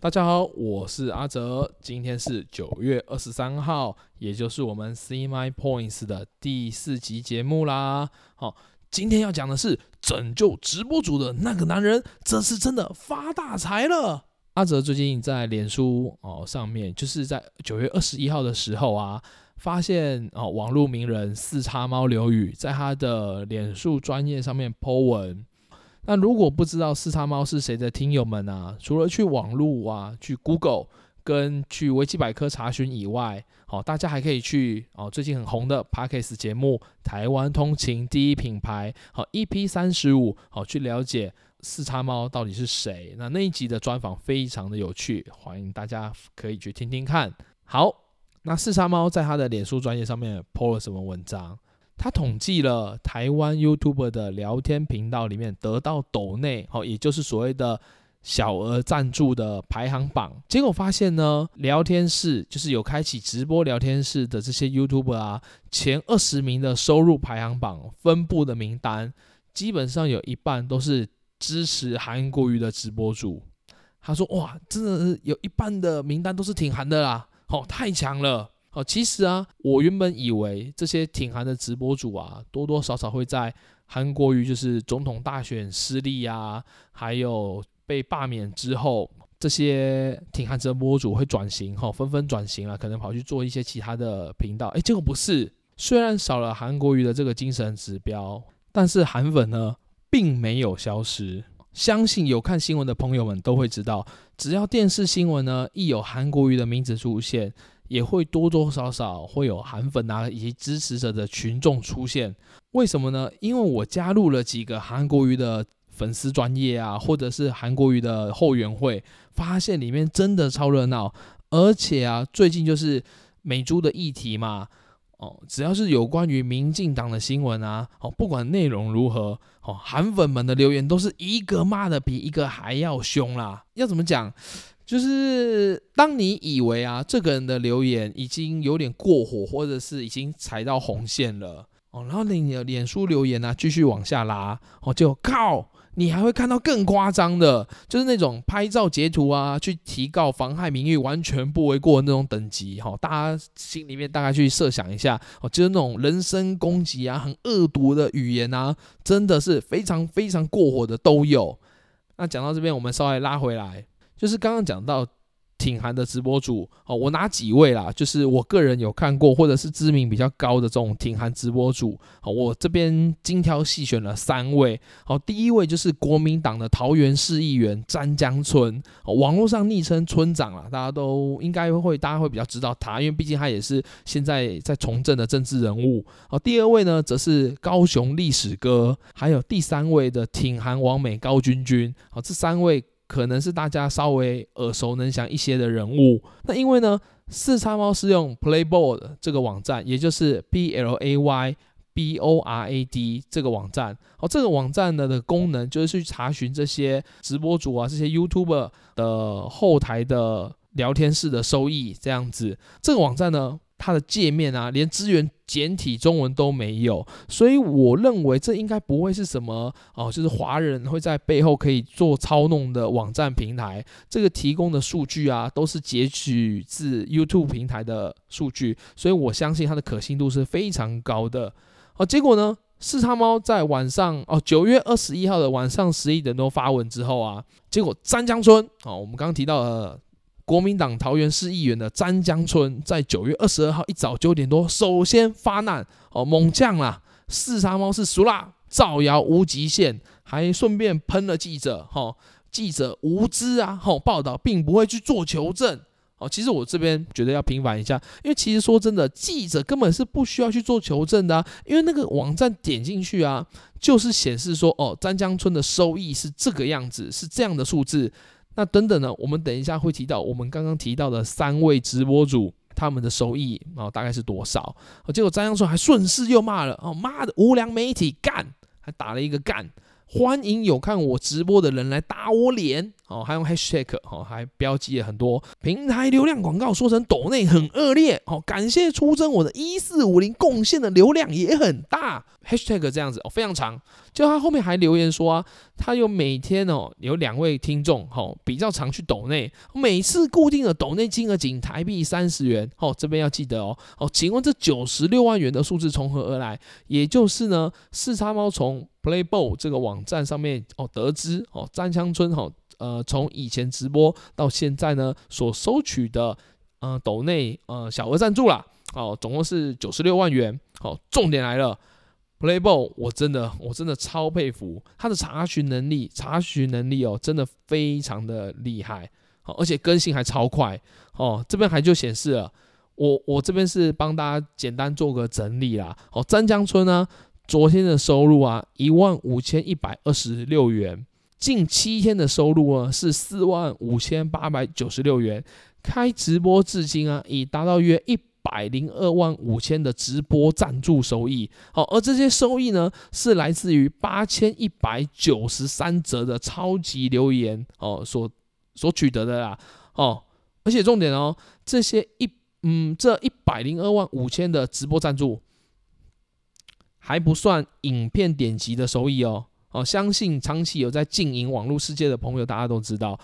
大家好，我是阿哲，今天是九月二十三號，也就是我們《See My Points》的第四集節目啦。好，哦，今天要講的是拯救直播主的那個男人，這次真的發大財了。阿哲最近在臉書哦上面，就是在九月二十一號的時候啊，發現哦網絡名人四叉貓劉宇在他的臉書專頁上面 po 文。那如果不知道四叉貓是誰的聽友們啊，除了去網絡啊、去 Google 跟去維基百科查詢以外，好、哦，大家還可以去哦，最近很紅的 Podcast 節目《台灣通勤第一品牌》好 EP 三十五，好、哦、去了解四叉貓到底是誰。那那一集的專訪非常的有趣，歡迎大家可以去聽聽看。好，那四叉貓在他的臉書專頁上面 PO 了什麼文章？他統計了台灣 YouTuber 的聊天頻道裡面得到抖內，哦，也就是所謂的小額贊助的排行榜。結果發現呢，聊天室就是有開啟直播聊天室的這些 YouTuber 啊，前二十名的收入排行榜分布的名單，基本上有一半都是支持韓國瑜的直播主。他說哇，真的是有一半的名單都是挺韓的啦，哦，太強了。好，其實啊，我原本以為這些挺韓的直播主啊，多多少少會在韓國瑜就是總統大選失利啊，還有被罷免之後，這些挺韓直播主會轉型，哈，紛紛轉型了，可能跑去做一些其他的頻道。哎，結果不是，雖然少了韓國瑜的這個精神指標，但是韓粉呢，並沒有消失。相信有看新聞的朋友們都會知道，只要電視新聞呢，一有韓國瑜的名字出現，也會多多少少會有韓粉啊，以及支持者的群眾出現，為什麼呢？因為我加入了幾個韓國瑜的粉絲專業啊，或者是韓國瑜的後援會，發現裡面真的超熱鬧。而且啊，最近就是美豬的議題嘛，哦，只要是有關於民進黨的新聞啊，哦，不管內容如何，哦，韓粉們的留言都是一個罵得比一個還要凶啦。要怎麼講？就是當你以為啊，這個人的留言已經有點過火，或者是已經踩到紅線了哦，然後你的臉書留言呢、啊、繼續往下拉哦，就靠，你還會看到更誇張的，就是那種拍照截圖啊，去提告妨害名譽，完全不為過的那種等級哈、哦。大家心裡面大概去設想一下哦，就是那種人身攻擊啊，很惡毒的語言啊，真的是非常非常過火的都有。那講到這邊，我們稍微拉回來。就是剛剛講到挺韓的直播主，我哪幾位啦？就是我個人有看過或者是知名比較高的這種挺韓直播主，我這邊精挑細選了三位，第一位就是國民黨的桃園市議員詹江村，哦，網絡上昵稱“村長”啦，大家都應該會，大家會比較知道他，因為畢竟他也是現在在從政的政治人物，第二位呢，則是高雄歷史哥，還有第三位的挺韓王美高鈞鈞這三位。可能是大家稍微耳熟能詳一些的人物，那因為呢，四叉貓是用 Playboard 這個網站，也就是 P L A Y B O R A D 這個網站。好，這個網站呢的功能就是去查詢這些直播主啊、這些 YouTuber 的後台的聊天室的收益這樣子。這個網站呢。它的界面啊，連資源簡體中文都沒有，所以我認為這應該不會是什麼哦，就是華人會在背後可以做操弄的網站平台。這個提供的數據啊，都是截取自 YouTube 平台的數據，所以我相信它的可信度是非常高的。哦，結果呢，四叉貓在晚上哦，九月二十一號的晚上十一點多發文之後啊，結果詹江村哦，我們剛剛提到了。國民黨桃園市議員的詹江村在九月二十二號一早九點多首先發難，哦，猛將啦，四叉貓是俗辣啦，造謠無極限，還順便噴了記者，哦，記者無知啊，哈，報道並不會去做求證，哦，其實我這邊覺得要平反一下，因為其實說真的，記者根本是不需要去做求證的，啊，因為那個網站點進去啊，就是顯示說，哦，詹江村的收益是這個樣子，是這樣的數字。那等等呢？我們等一下會提到，我們剛剛提到的三位直播主，他們的收益啊、哦、大概是多少？哦、結果詹江村還順勢又罵了哦媽的無良媒體幹，還打了一個幹，歡迎有看我直播的人來打我臉。哦，還用 hashtag 哦，還標記了很多平台流量廣告，說成抖內很惡劣。哦。感謝出征我的一四五零貢獻的流量也很大。hashtag 這樣子哦，非常長。就他後面還留言說啊，他有每天哦，有兩位聽眾哦，比較常去抖內，每次固定的抖內金額僅台幣三十元。哦，這邊要記得哦。哦，請問這九十六萬元的數字從何而來？也就是呢，四叉貓從 Playboard 這個網站上面哦得知哦，詹江村哦。呃，從以前直播到現在呢，所收取的呃抖內呃小額贊助啦，好、哦，總共是九十六萬元。好、哦，重點來了，Playboard，我真的我真的超佩服他的查詢能力，查詢能力哦，真的非常的厲害。好、哦，而且更新還超快。哦，這邊還就顯示了，我我這邊是幫大家簡單做個整理啦。好、哦，詹江村啊，昨天的收入啊，一萬五千一百二十六元。近七天的收入呢，是四萬五千八百九十六元，開直播至今啊已達到約一百零二萬五千的直播贊助收益。好、哦，而這些收益呢，是來自於八千一百九十三則的超級留言哦，所所取得的啦。哦，而且重點哦，這些一嗯這一百零二萬五千的直播贊助還不算影片點擊的收益哦。哦，相信長期有在經營網絡世界的朋友，大家都知道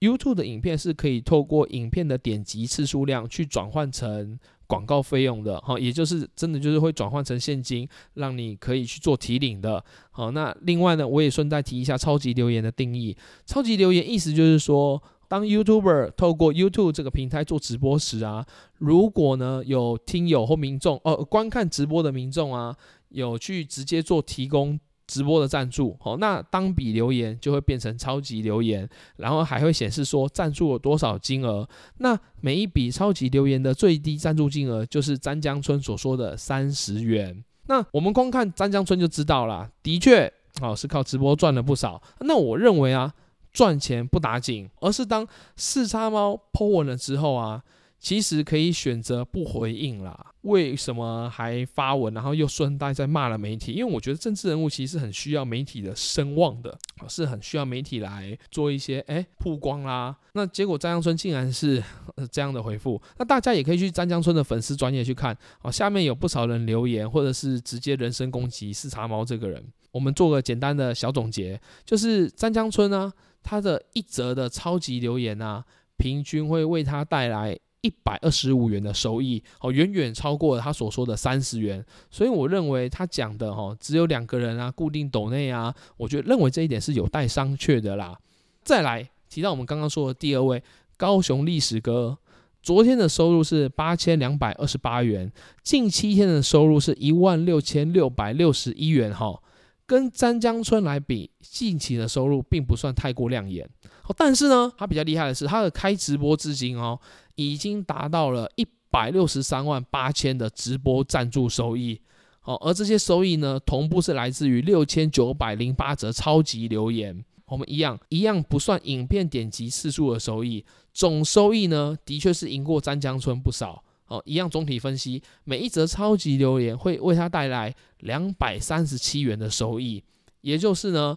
，YouTube 的影片是可以透過影片的點擊次數量去轉換成廣告費用的，哈，也就是真的就是會轉換成現金，讓你可以去做提領的。好，那另外呢，我也順帶提一下超級留言的定義。超級留言意思就是說，當 YouTuber 透過 YouTube 這個平台做直播時啊，如果呢有聽友或民眾，呃，觀看直播的民眾啊。有去直接做提供直播的贊助，那當筆留言就會變成超級留言，然後還會顯示說贊助了多少金額。那每一筆超級留言的最低贊助金額就是詹江村所說的三十元。那我們光看詹江村就知道了，的確，是靠直播賺了不少。那我認為啊，賺錢不打緊，而是當四叉貓拋完了之後啊。其實可以選擇不回應啦，為什麼還發文，然後又順帶再罵了媒體？因為我覺得政治人物其實是很需要媒體的聲望的，是很需要媒體來做一些、哎、曝光啦、啊。那結果詹江村竟然是這樣的回覆，那大家也可以去詹江村的粉絲專頁去看啊，下面有不少人留言，或者是直接人身攻擊四叉貓這個人。我們做個簡單的小總結，就是詹江村啊，他的一則的超級留言啊，平均會為他帶來。一百二十五元的收益，哦、遠遠超過他所說的三十元，所以我認為他講的、哦、只有兩個人啊，固定鬥內啊，我覺得認為這一點是有待商榷的啦。再來提到我們剛剛說的第二位，高雄歷史哥，昨天的收入是八千兩百二十八元，近七天的收入是一萬六千六百六十一元，哦，哈，跟詹江村來比，近期的收入並不算太過亮眼、哦。但是呢，他比較厲害的是他的開直播至今。哦。已經達到了一百六十三萬八千的直播贊助收益，哦，而這些收益呢，同步是來自於六千九百零八則超級留言。我們一樣一樣不算影片點擊次數的收益，總收益呢，的確是贏過詹江村不少，哦。一樣總體分析，每一則超級留言會為他帶來兩百三十七元的收益，也就是呢。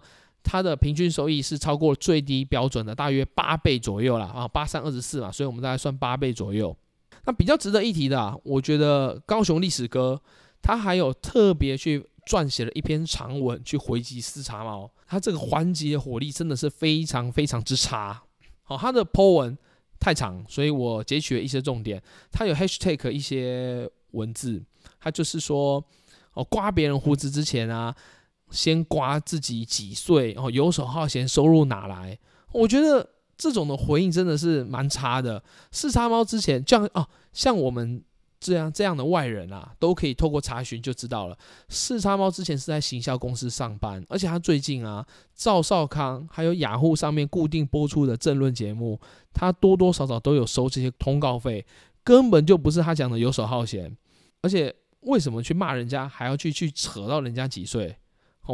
它的平均收益是超過最低標準的，大約八倍左右啦，啊，八三二十四嘛，所以我們大概算八倍左右。那比較值得一提的，啊，我覺得高雄歷史哥他還有特別去撰寫了一篇長文去回擊四叉貓，他這個環節火力真的是非常非常之差。哦，他的 po 文太長，所以我截取了一些重點。他有 hashtag 一些文字，他就是說，哦，刮別人鬍子之前啊。先刮自己幾歲。然後游手好閒，收入哪來？我覺得這種的回應真的是蠻差的。四叉貓之前，這樣哦，像我們這樣這樣的外人啊，都可以透過查詢就知道了。四叉貓之前是在行銷公司上班，而且他最近啊，趙少康還有雅虎上面固定播出的政論節目，他多多少少都有收這些通告費，根本就不是他講的游手好閒。而且為什麼去罵人家，還要去去扯到人家幾歲？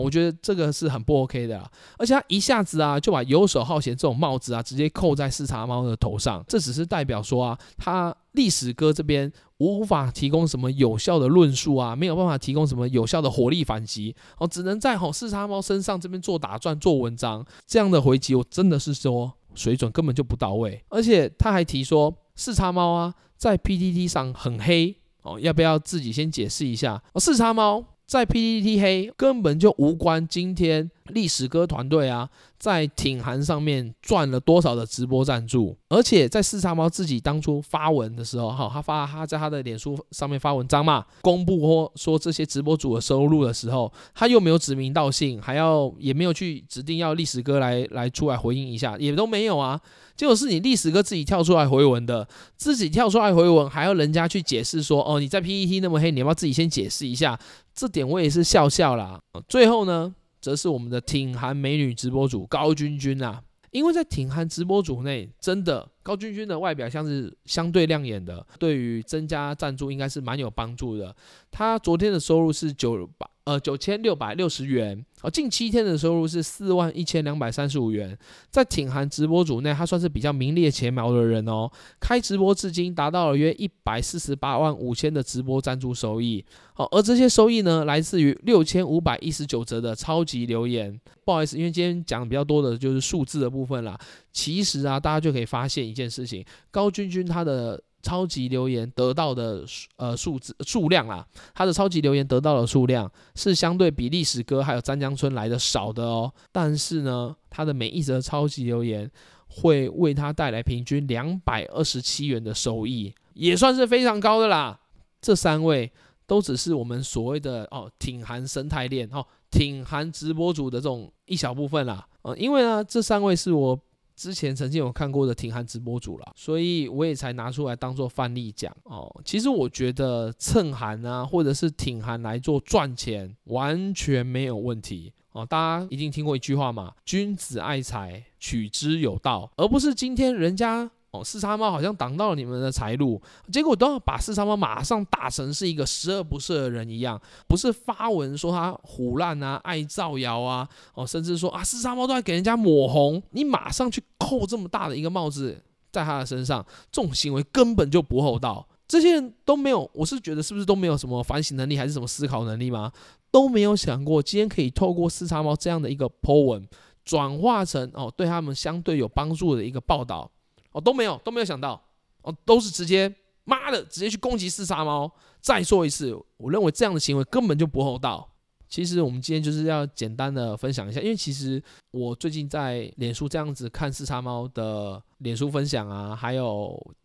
我覺得這個是很不 OK 的、啊、而且他一下子啊就把遊手好閒這種帽子啊直接扣在四叉貓的頭上，這只是代表說啊，他歷史哥這邊無法提供什麼有效的論述啊，沒有辦法提供什麼有效的火力反擊，哦，只能在吼四叉貓身上這邊做打轉做文章，這樣的回擊我真的是說水準根本就不到位，而且他還提說四叉貓啊在 PTT 上很黑哦，要不要自己先解釋一下哦四叉貓？在 PTT 黑，根本就無關今天。歷史哥團隊啊，在挺韓上面賺了多少的直播贊助？而且在四叉貓自己當初發文的時候，哈，他發他在他的臉書上面發文章嘛，公布或說這些直播主的收入的時候，他又沒有指名道姓，還要也沒有去指定要歷史哥來來出來回應一下，也都沒有啊。結果是你歷史哥自己跳出來回文的，自己跳出來回文，還要人家去解釋說，哦，你在 PTT 那麼黑，你要不要自己先解釋一下？這點我也是笑笑啦。最後呢，則是我們的挺韓美女直播主高鈞鈞吶，因為在挺韓直播組內，真的高鈞鈞的外表像是相對亮眼的，對於增加贊助應該是蠻有幫助的。她昨天的收入是九八。呃，九千六百六十元，哦，近七天的收入是四萬一千兩百三十五元，在挺韓直播主內，他算是比較名列前茅的人哦。開直播至今達到了約一百四十八萬五千的直播贊助收益，好、哦，而這些收益呢，來自於六千五百一十九則的超級留言。不好意思，因為今天講的比較多的就是數字的部分啦。其實啊，大家就可以發現一件事情，高鈞鈞他的。超級留言得到的呃數字數量啊，他的超級留言得到的數量是相對比歷史哥還有詹江村來的少的哦。但是呢，他的每一則超級留言會為他帶來平均兩百二十七元的收益，也算是非常高的啦。這三位都只是我們所謂的哦，挺韓生態鏈哦，挺韓直播主的這種一小部分啦。呃，因為呢，這三位是我。之前曾經有看過的挺韓直播主了，所以我也才拿出來當做範例講哦。其實我覺得蹭韓啊，或者是挺韓來做賺錢完全沒有問題哦。大家一定聽過一句話嘛，“君子愛財，取之有道”，而不是今天人家。哦、四叉貓好像擋到了你們的財路，結果都要把四叉貓馬上打成是一個十惡不赦的人一樣，不是發文說他唬爛啊、愛造謠啊，哦，甚至說啊，四叉貓都要給人家抹紅，你馬上去扣這麼大的一個帽子在他的身上，這種行為根本就不厚道。這些人都沒有，我是覺得是不是都沒有什麼反省能力，還是什麼思考能力嗎？都沒有想過今天可以透過四叉貓這樣的一個 Po 文，轉化成哦對他們相對有幫助的一個報道。哦，都沒有都沒有想到，哦，都是直接媽的，直接去攻擊四叉貓。再說一次，我認為這樣的行為根本就不厚道。其實我們今天就是要簡單的分享一下，因為其實我最近在臉書這樣子看四叉貓的臉書分享啊，還有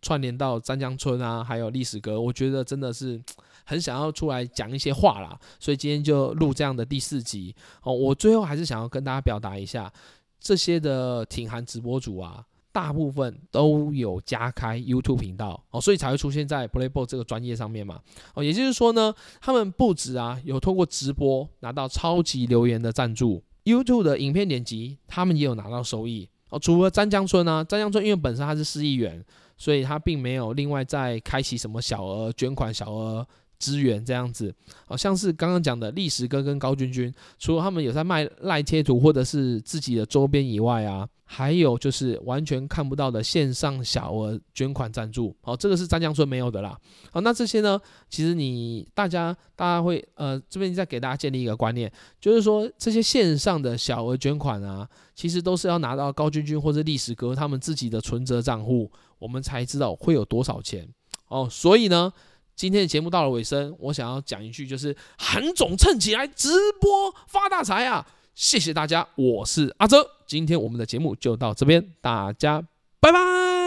串聯到詹江村啊，還有歷史哥，我覺得真的是很想要出來講一些話啦。所以今天就錄這樣的第四集。哦，我最後還是想要跟大家表達一下，這些的挺韓直播主啊。大部分都有加開 YouTube 頻道哦，所以才會出現在 Playboard 這個專頁上面嘛。哦，也就是說呢，他們不止啊有通過直播拿到超級留言的贊助，YouTube 的影片點擊他們也有拿到收益哦。除了詹江村呢，詹江村因為本身他是市議員，所以他並沒有另外再開啟什麼小額捐款、小額。資源這樣子，好像是剛剛講的歷史哥跟高鈞鈞，除了他們有在賣賴貼圖或者是自己的周邊以外啊，還有就是完全看不到的線上小額捐款贊助，好，這個是詹江村沒有的啦。好，那這些呢，其實你大家大家會呃，這邊再給大家建立一個觀念，就是說這些線上的小額捐款啊，其實都是要拿到高鈞鈞或者歷史哥他們自己的存折賬戶，我們才知道會有多少錢哦。所以呢。今天的節目到了尾聲，我想要講一句，就是韓總蹭起來直播發大財啊！謝謝大家，我是阿哲。今天我們的節目就到這邊，大家拜拜。